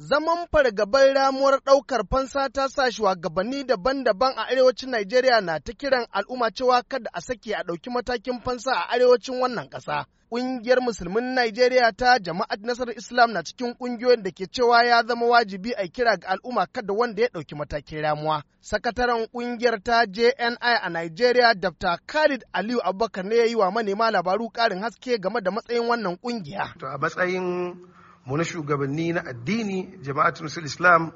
zaman fargabar ramuwar ɗaukar fansa ta sa shugabanni daban-daban a arewacin Najeriya na ta kiran al'umma cewa kada a sake a ɗauki matakin fansa a arewacin wannan ƙasa. Ƙungiyar Musulmin Najeriya ta Jama'at Nasarar Islam na cikin ƙungiyoyin da ke cewa ya zama wajibi a kira ga al'umma kada wanda ya ɗauki matakin ramuwa. Sakataren ƙungiyar ta JNI a Najeriya, Dr. Khalid Aliyu Abubakar ne ya yi wa manema labaru ƙarin haske game da matsayin wannan ƙungiya. a matsayin mu na shugabanni na addini jama'atun musul islam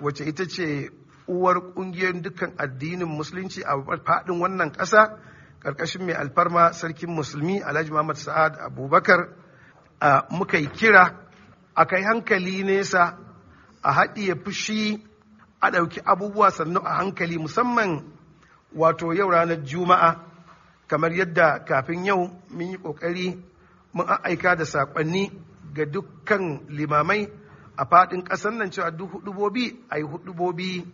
wacce ita ce uwar kungiyar dukkan addinin musulunci a faɗin wannan ƙasa ƙarƙashin mai alfarma sarkin musulmi alhaji muhammad sa'ad abubakar muka yi kira a kai hankali nesa a haɗiye fushi a ɗauki abubuwa sannu a hankali musamman wato yau ranar juma'a kamar yadda kafin yau mun yi ƙoƙari mun aika da saƙonni ga dukkan limamai a faɗin ƙasar nan cewa duk hudubobi a yi hudubobi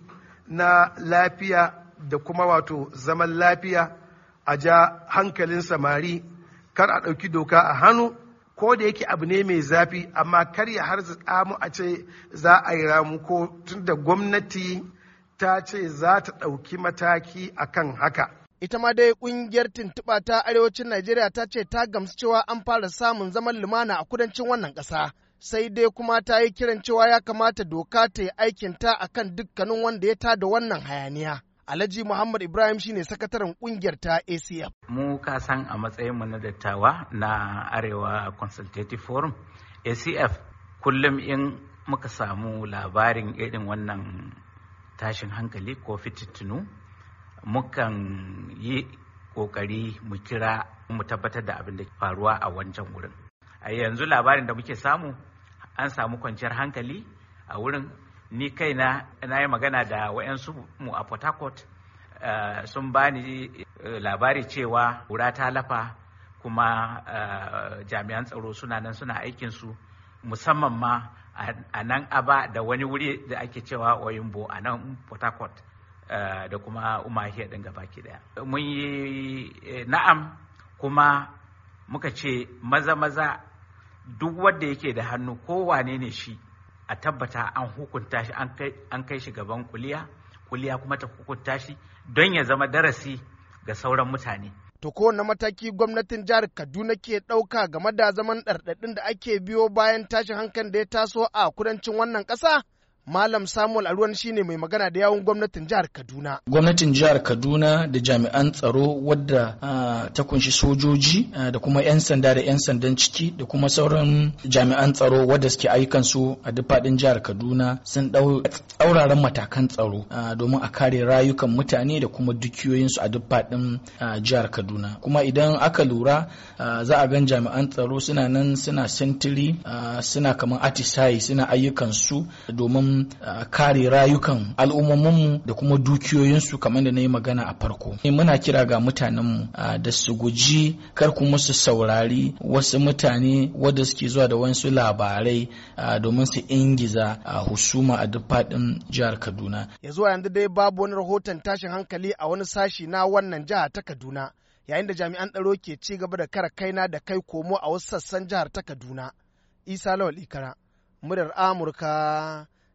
na lafiya da kuma wato zaman lafiya a ja hankalin samari kar a ɗauki doka a hannu ko da yake abu ne mai zafi amma kar ya har mu a ce za a yi ramu ko tunda gwamnati ta ce za ta ɗauki mataki a kan haka Ita ma dai kungiyar tuntuɓa ta arewacin Najeriya ta ce ta gamsu cewa an fara samun zaman lumana a kudancin wannan ƙasa. Sai dai kuma ta yi kiran cewa ya kamata doka ta yi aikinta a kan dukkanin wanda ya tada wannan hayaniya. Alhaji Muhammad Ibrahim shine sakataren kungiyar ta ACF. Mu ka san a matsayin mu na dattawa na Arewa Consultative Forum ACF kullum in muka samu labarin irin wannan tashin hankali ko fitittunu mukan yi kokari mu kira mu tabbatar da abin da ke faruwa a wancan wurin a yanzu labarin da muke samu an samu kwanciyar hankali a wurin ni kaina na yi magana da wayansu mu a port harcourt eh, sun bani eh, labari cewa wura ta lafa kuma eh, jami'an tsaro suna nan suna aikinsu musamman ma a nan aba da wani wuri da ake cewa oyinbo a nan port harcourt Eh, da kuma umahiyar ɗin gabaki ɗaya mun yi eh, na'am kuma muka ce maza maza duk wanda yake da hannu ko wane ne shi a tabbata an hukunta shi an kai shi gaban kuliya kuliya kuma ta hukunta shi don ya zama darasi ga sauran mutane to na mataki gwamnatin jihar kaduna ke ɗauka game da zaman ɗarɗaɗin da ake biyo bayan tashin hankalin da ya taso a kudancin wannan ƙasa Malam Samuel Aruwan shine mai magana da yawun gwamnatin jihar Kaduna. Gwamnatin jihar Kaduna da jami'an tsaro wadda ta kunshi sojoji da kuma 'yan sanda da 'yan sandan ciki da kuma sauran jami'an tsaro wadda suke ayyukan su a duk faɗin jihar Kaduna sun ɗau tsauraran matakan tsaro domin a kare rayukan mutane da kuma dukiyoyinsu a duk faɗin jihar Kaduna. Kuma idan aka lura za a gan jami'an tsaro suna nan suna sentiri suna kamar atisayi suna ayyukan su domin kare rayukan al'ummominmu da kuma dukiyoyinsu kamar da na yi magana a farko eh, muna kira ga mutanenmu da su guji kar kuma su saurari wasu mutane wadda suke zuwa da wasu labarai domin su ingiza a husuma a duk faɗin jihar kaduna ya zuwa yanzu dai babu wani rahoton tashin hankali a wani sashi na wannan jiha ta kaduna yayin da jami'an tsaro ke ci gaba da kara kaina da kai komo a wasu sassan jihar ta kaduna isa lawal ikara muryar amurka